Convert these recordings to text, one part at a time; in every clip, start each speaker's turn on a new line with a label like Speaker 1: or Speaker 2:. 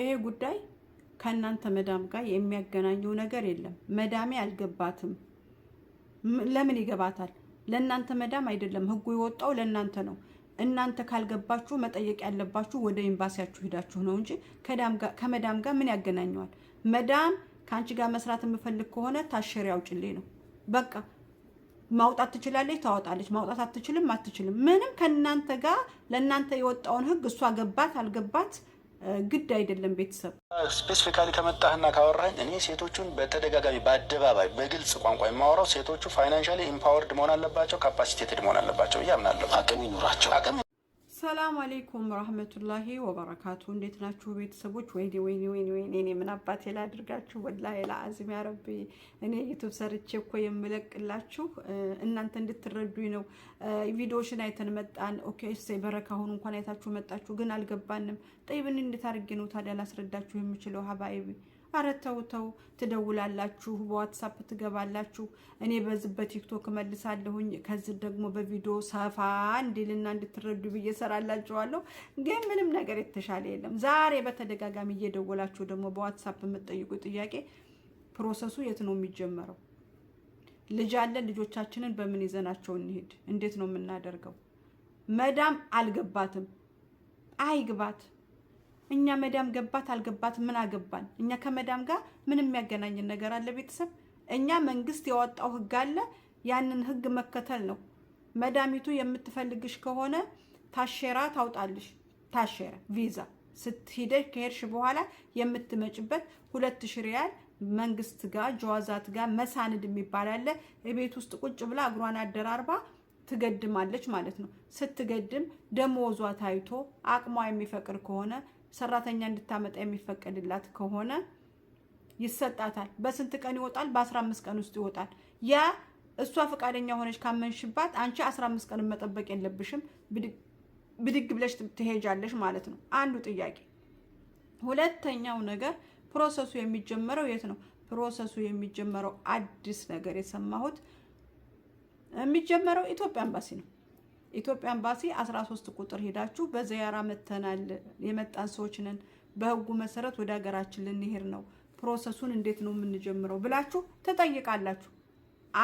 Speaker 1: ይሄ ጉዳይ ከእናንተ መዳም ጋር የሚያገናኘው ነገር የለም። መዳሜ አልገባትም። ለምን ይገባታል? ለእናንተ መዳም አይደለም ህጉ የወጣው ለእናንተ ነው። እናንተ ካልገባችሁ መጠየቅ ያለባችሁ ወደ ኤምባሲያችሁ ሂዳችሁ ነው እንጂ ከመዳም ጋር ምን ያገናኘዋል? መዳም ከአንቺ ጋር መስራት የምፈልግ ከሆነ ታሸሪ አውጭልኝ ነው በቃ። ማውጣት ትችላለች፣ ታወጣለች። ማውጣት አትችልም፣ አትችልም። ምንም ከእናንተ ጋር ለእናንተ የወጣውን ህግ እሷ ገባት አልገባት ግድ አይደለም። ቤተሰብ
Speaker 2: ስፔሲፊካሊ ከመጣህና ካወራኝ እኔ ሴቶቹን በተደጋጋሚ በአደባባይ በግልጽ ቋንቋ የማወራው ሴቶቹ ፋይናንሻሊ ኢምፓወርድ መሆን አለባቸው፣ ካፓሲቴትድ መሆን አለባቸው እያምናለሁ። አቅም ይኑራቸው።
Speaker 1: ሰላም አሌይኩም ረህመቱላሂ ወበረካቱ። እንዴት ናችሁ ቤተሰቦች? ወይኔ ወይኔ ወይኔ ወይኔ እኔ ምን አባቴ ላድርጋችሁ? ወላሂ ለአዚም ያረቢ እኔ ዩቱብ ሰርቼ እኮ የምለቅላችሁ እናንተ እንድትረዱኝ ነው። ቪዲዮሽን አይተን መጣን። ኦኬ እሰይ በረካ ሁኑ እንኳን አይታችሁ መጣችሁ፣ ግን አልገባንም። ጠይብን እንዴት አድርጌ ነው ታዲያ ላስረዳችሁ የምችለው ሀባይቢ አረ ተው ተው፣ ትደውላላችሁ፣ በዋትሳፕ ትገባላችሁ፣ እኔ በዚህ በቲክቶክ መልሳለሁኝ፣ ከዚህ ደግሞ በቪዲዮ ሰፋ እንዲልና እንድትረዱ ብዬ እሰራላችኋለሁ። ግን ምንም ነገር የተሻለ የለም። ዛሬ በተደጋጋሚ እየደወላችሁ ደግሞ በዋትሳፕ የምትጠይቁ ጥያቄ ፕሮሰሱ የት ነው የሚጀመረው? ልጅ አለን፣ ልጆቻችንን በምን ይዘናቸው እንሄድ? እንዴት ነው የምናደርገው? መዳም አልገባትም። አይግባት እኛ መዳም ገባት አልገባት ምን አገባን? እኛ ከመዳም ጋር ምን የሚያገናኝን ነገር አለ? ቤተሰብ እኛ መንግስት ያወጣው ህግ አለ። ያንን ህግ መከተል ነው። መዳሚቱ የምትፈልግሽ ከሆነ ታሸራ ታውጣልሽ። ታሼራ ቪዛ ስትሄደሽ ከሄድሽ በኋላ የምትመጭበት ሁለት ሺ ሪያል መንግስት ጋር ጀዋዛት ጋር መሳንድ የሚባል አለ። ቤት ውስጥ ቁጭ ብላ እግሯን አደራርባ ትገድማለች ማለት ነው። ስትገድም ደሞዟ ታይቶ አቅሟ የሚፈቅድ ከሆነ ሰራተኛ እንድታመጣ የሚፈቀድላት ከሆነ ይሰጣታል። በስንት ቀን ይወጣል? በ15 ቀን ውስጥ ይወጣል። ያ እሷ ፈቃደኛ ሆነች ካመንሽባት፣ አንቺ 15 ቀን መጠበቅ የለብሽም። ብድግ ብለሽ ትሄጃለሽ ማለት ነው። አንዱ ጥያቄ። ሁለተኛው ነገር ፕሮሰሱ የሚጀመረው የት ነው? ፕሮሰሱ የሚጀመረው አዲስ ነገር የሰማሁት የሚጀመረው ኢትዮጵያ ኤምባሲ ነው። ኢትዮጵያ ኤምባሲ 13 ቁጥር ሄዳችሁ በዚያራ መተናል የመጣን ሰዎች ነን፣ በህጉ መሰረት ወደ ሀገራችን ልንሄድ ነው፣ ፕሮሰሱን እንዴት ነው የምንጀምረው ብላችሁ ትጠይቃላችሁ።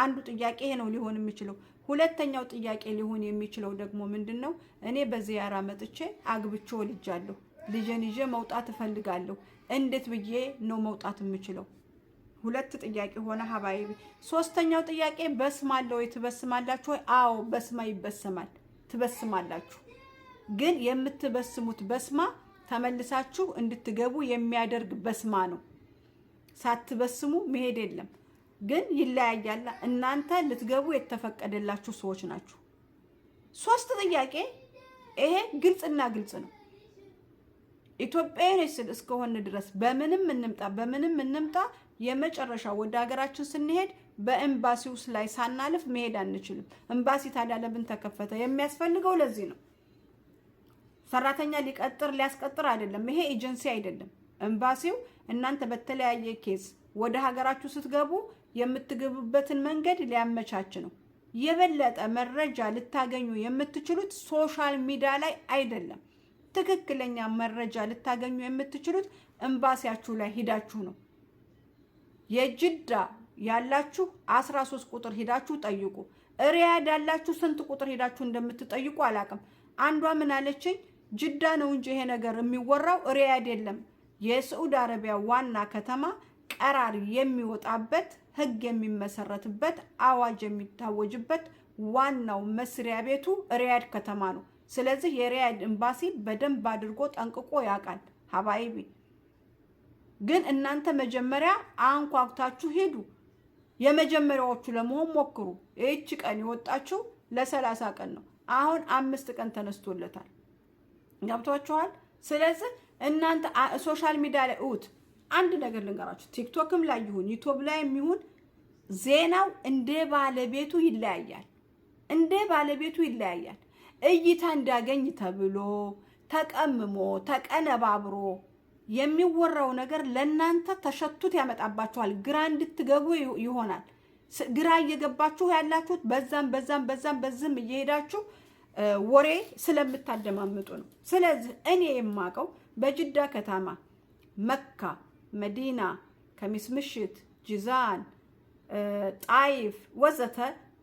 Speaker 1: አንዱ ጥያቄ ይሄ ነው ሊሆን የሚችለው። ሁለተኛው ጥያቄ ሊሆን የሚችለው ደግሞ ምንድን ነው? እኔ በዚያራ መጥቼ አግብቼ ወልጃለሁ፣ ልጄን ይዤ መውጣት እፈልጋለሁ። እንዴት ብዬ ነው መውጣት የምችለው? ሁለት ጥያቄ ሆነ ሀባይቢ። ሶስተኛው ጥያቄ በስማለው ወይ ትበስማላችሁ? አዎ በስማ ይበሰማል። ትበስማላችሁ። ግን የምትበስሙት በስማ ተመልሳችሁ እንድትገቡ የሚያደርግ በስማ ነው። ሳትበስሙ መሄድ የለም። ግን ይለያያል። እናንተ ልትገቡ የተፈቀደላችሁ ሰዎች ናችሁ። ሶስት ጥያቄ ይሄ ግልጽና ግልጽ ነው። ኢትዮጵያዊ ስል እስከሆነ ድረስ በምንም እንምጣ በምንም እንምጣ የመጨረሻ ወደ ሀገራችን ስንሄድ በኤምባሲ ውስጥ ላይ ሳናልፍ መሄድ አንችልም። ኤምባሲ ታዲያ ለምን ተከፈተ? የሚያስፈልገው ለዚህ ነው። ሰራተኛ ሊቀጥር ሊያስቀጥር አይደለም። ይሄ ኤጀንሲ አይደለም። ኤምባሲው እናንተ በተለያየ ኬዝ ወደ ሀገራችሁ ስትገቡ የምትገቡበትን መንገድ ሊያመቻች ነው። የበለጠ መረጃ ልታገኙ የምትችሉት ሶሻል ሚዲያ ላይ አይደለም። ትክክለኛ መረጃ ልታገኙ የምትችሉት ኤምባሲያችሁ ላይ ሂዳችሁ ነው። የጅዳ ያላችሁ አስራ ቁጥር ሄዳችሁ ጠይቁ። ሪያድ ያላችሁ ስንት ቁጥር ሄዳችሁ እንደምትጠይቁ አላቅም። አንዷ ምን አለችኝ? ጅዳ ነው እንጂ ይሄ ነገር የሚወራው ሪያድ የለም። የስዑድ አረቢያ ዋና ከተማ ቀራር የሚወጣበት ህግ የሚመሰረትበት አዋጅ የሚታወጅበት ዋናው መስሪያ ቤቱ ሪያድ ከተማ ነው። ስለዚህ የሪያድ ኤምባሲ በደንብ አድርጎ ጠንቅቆ ያውቃል። ሀባይቢ ግን እናንተ መጀመሪያ አንኳኩታችሁ ሄዱ። የመጀመሪያዎቹ ለመሆን ሞክሩ። ይህች ቀን የወጣችው ለሰላሳ ቀን ነው። አሁን አምስት ቀን ተነስቶለታል። ገብቷችኋል? ስለዚህ እናንተ ሶሻል ሚዲያ ላይ እውት አንድ ነገር ልንገራችሁ። ቲክቶክም ላይ ይሁን ዩቱብ ላይ የሚሆን ዜናው እንደ ባለቤቱ ይለያያል። እንደ ባለቤቱ ይለያያል። እይታ እንዳገኝ ተብሎ ተቀምሞ ተቀነባብሮ የሚወራው ነገር ለእናንተ ተሸቱት ያመጣባችኋል። ግራ እንድትገቡ ይሆናል። ግራ እየገባችሁ ያላችሁት በዛም በዛም በዛም በዝም እየሄዳችሁ ወሬ ስለምታደማምጡ ነው። ስለዚህ እኔ የማውቀው በጅዳ ከተማ፣ መካ፣ መዲና፣ ከሚስ ምሽት፣ ጂዛን፣ ጣይፍ ወዘተ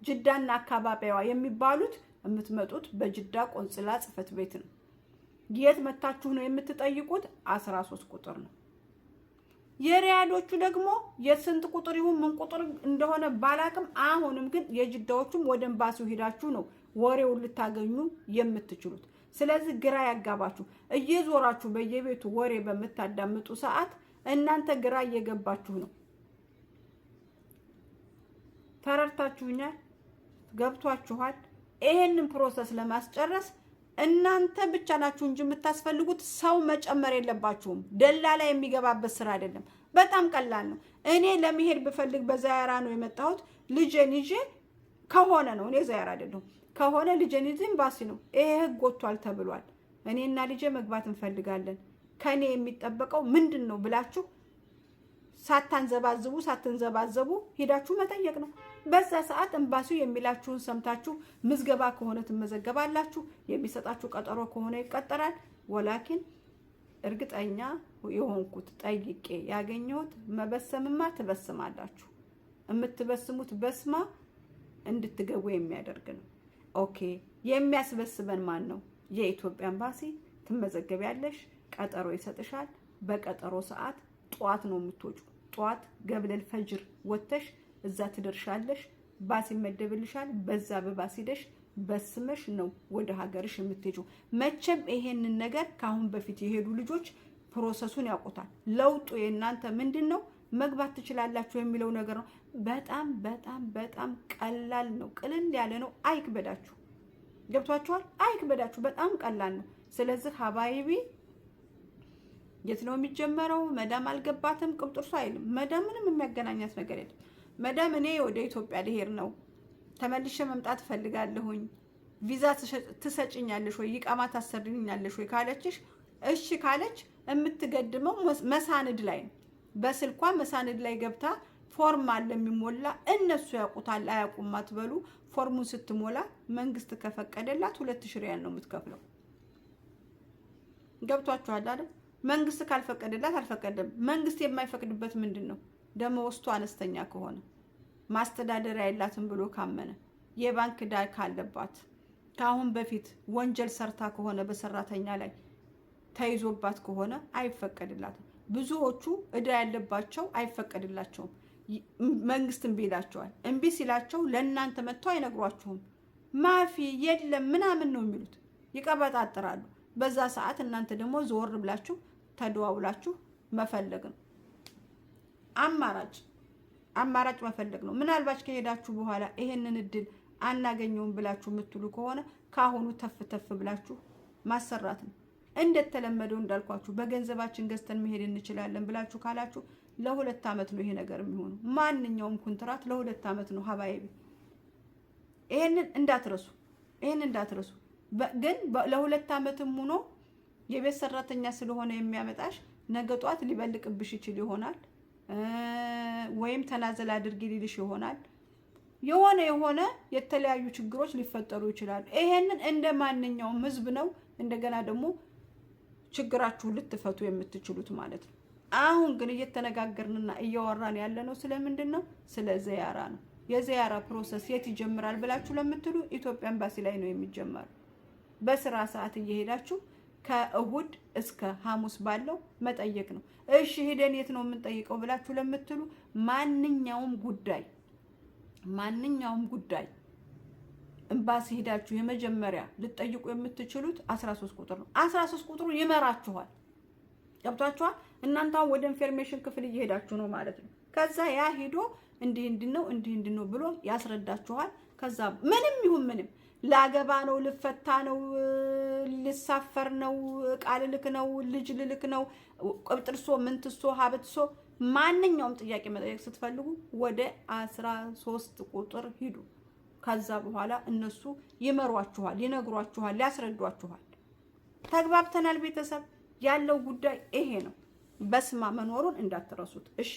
Speaker 1: ጅዳና አካባቢዋ የሚባሉት የምትመጡት በጅዳ ቆንጽላ ጽህፈት ቤት ነው። የት መታችሁ ነው የምትጠይቁት? 13 ቁጥር ነው። የሪያዶቹ ደግሞ የስንት ቁጥር ይሁን ምን ቁጥር እንደሆነ ባላቅም፣ አሁንም ግን የጅዳዎቹም ወደ ኤምባሲው ሄዳችሁ ነው ወሬውን ልታገኙ የምትችሉት። ስለዚህ ግራ ያጋባችሁ እየዞራችሁ በየቤቱ ወሬ በምታዳምጡ ሰዓት እናንተ ግራ እየገባችሁ ነው። ተረድታችሁኛል? ገብቷችኋል? ይሄንን ፕሮሰስ ለማስጨረስ እናንተ ብቻ ናችሁ እንጂ የምታስፈልጉት ሰው መጨመር የለባችሁም። ደላላ የሚገባበት ስራ አይደለም። በጣም ቀላል ነው። እኔ ለመሄድ ብፈልግ በዛያራ ነው የመጣሁት። ልጄን ይዤ ከሆነ ነው እኔ ዛያራ አይደለሁም ከሆነ ልጄን ይዤ ኤምባሲ ነው። ይሄ ህግ ወጥቷል ተብሏል። እኔና ልጄ መግባት እንፈልጋለን ከእኔ የሚጠበቀው ምንድን ነው ብላችሁ ሳታንዘባዝቡ ሳትንዘባዘቡ ሄዳችሁ መጠየቅ ነው። በዛ ሰዓት ኤምባሲው የሚላችሁን ሰምታችሁ ምዝገባ ከሆነ ትመዘገባላችሁ። የሚሰጣችሁ ቀጠሮ ከሆነ ይቀጠራል። ወላኪን እርግጠኛ የሆንኩት ጠይቄ ያገኘሁት መበሰምማ ትበስማላችሁ። የምትበስሙት በስማ እንድትገቡ የሚያደርግ ነው። ኦኬ፣ የሚያስበስበን ማን ነው? የኢትዮጵያ ኤምባሲ። ትመዘገቢያለሽ፣ ቀጠሮ ይሰጥሻል። በቀጠሮ ሰዓት ጠዋት ነው የምትወጩ። ጠዋት ገብለል ፈጅር ወጥተሽ እዛ ትደርሻለሽ። ባስ ይመደብልሻል። በዛ በባስ ሄደሽ በስመሽ ነው ወደ ሀገርሽ የምትሄጂው። መቼም ይሄንን ነገር ከአሁን በፊት የሄዱ ልጆች ፕሮሰሱን ያውቁታል። ለውጡ የእናንተ ምንድን ነው? መግባት ትችላላችሁ የሚለው ነገር ነው። በጣም በጣም በጣም ቀላል ነው። ቅልል ያለ ነው። አይክበዳችሁ። ገብቷችኋል? አይክበዳችሁ። በጣም ቀላል ነው። ስለዚህ ሀባይቢ የት ነው የሚጀመረው? መዳም አልገባትም፣ ቅብ አይልም። መዳም ምንም የሚያገናኛት ነገር የለም። መዳም እኔ ወደ ኢትዮጵያ ልሄድ ነው፣ ተመልሼ መምጣት እፈልጋለሁኝ፣ ቪዛ ትሰጭኛለሽ ወይ ይቃማ ታሰርኛለሽ ወይ ካለችሽ፣ እሺ ካለች የምትገድመው መሳንድ ላይ ነው። በስልኳ መሳንድ ላይ ገብታ ፎርም አለ የሚሞላ እነሱ ያውቁታል አያውቁም አትበሉ። ፎርሙን ስትሞላ መንግስት ከፈቀደላት ሁለት ሺህ ሪያል ነው የምትከፍለው። ገብቷችኋል አይደል? መንግስት ካልፈቀደላት አልፈቀደም። መንግስት የማይፈቅድበት ምንድን ነው? ደመወዝቱ አነስተኛ ከሆነ ማስተዳደሪያ የላትም ብሎ ካመነ የባንክ ዕዳ ካለባት ከአሁን በፊት ወንጀል ሰርታ ከሆነ በሰራተኛ ላይ ተይዞባት ከሆነ አይፈቀድላትም። ብዙዎቹ ዕዳ ያለባቸው አይፈቀድላቸውም። መንግስት እምቢ ይላቸዋል። እምቢ ሲላቸው ለእናንተ መጥተው አይነግሯችሁም። ማፊ የለም ምናምን ነው የሚሉት፣ ይቀበጣጥራሉ። በዛ ሰዓት እናንተ ደግሞ ዞር ብላችሁ ተደዋውላችሁ መፈለግ ነው። አማራጭ አማራጭ መፈለግ ነው። ምናልባች ከሄዳችሁ በኋላ ይሄንን እድል አናገኘውም ብላችሁ የምትሉ ከሆነ ከአሁኑ ተፍ ተፍ ብላችሁ ማሰራት ነው። እንደተለመደው እንዳልኳችሁ በገንዘባችን ገዝተን መሄድ እንችላለን ብላችሁ ካላችሁ ለሁለት ዓመት ነው ይሄ ነገር የሚሆኑ። ማንኛውም ኩንትራት ለሁለት ዓመት ነው ሀባይቢ። ይሄንን እንዳትረሱ፣ ይሄንን እንዳትረሱ። ግን ለሁለት ዓመትም ሆኖ የቤት ሰራተኛ ስለሆነ የሚያመጣሽ ነገ ጧት ሊበልቅብሽ ይችል ይሆናል። ወይም ተናዘል አድርጊ ሊልሽ ይሆናል። የሆነ የሆነ የተለያዩ ችግሮች ሊፈጠሩ ይችላሉ። ይሄንን እንደ ማንኛውም ህዝብ ነው እንደገና ደግሞ ችግራችሁን ልትፈቱ የምትችሉት ማለት ነው። አሁን ግን እየተነጋገርንና እያወራን ያለ ነው ስለምንድን ነው? ስለ ዘያራ ነው። የዘያራ ፕሮሰስ የት ይጀምራል ብላችሁ ለምትሉ ኢትዮጵያ ኤምባሲ ላይ ነው የሚጀመረው። በስራ ሰዓት እየሄዳችሁ ከእሁድ እስከ ሐሙስ ባለው መጠየቅ ነው። እሺ ሄደን የት ነው የምንጠይቀው ብላችሁ ለምትሉ ማንኛውም ጉዳይ ማንኛውም ጉዳይ እምባሲ ሄዳችሁ የመጀመሪያ ልትጠይቁ የምትችሉት 13 ቁጥር ነው። 13 ቁጥሩ ይመራችኋል። ገብቷችኋል? እናንተ ወደ ኢንፎርሜሽን ክፍል እየሄዳችሁ ነው ማለት ነው። ከዛ ያ ሄዶ እንዲህ እንዲህ ነው እንዲህ እንዲህ ነው ብሎ ያስረዳችኋል። ከዛ ምንም ይሁን ምንም ላገባ ነው፣ ልፈታ ነው፣ ልሳፈር ነው፣ እቃ ልልክ ነው፣ ልጅ ልልክ ነው፣ ቁብጥርሶ፣ ምንትሶ፣ ሀብትሶ ማንኛውም ጥያቄ መጠየቅ ስትፈልጉ ወደ አስራ ሶስት ቁጥር ሂዱ። ከዛ በኋላ እነሱ ይመሯችኋል፣ ይነግሯችኋል፣ ሊያስረዷችኋል። ተግባብተናል። ቤተሰብ ያለው ጉዳይ ይሄ ነው። በስማ መኖሩን እንዳትረሱት እሺ።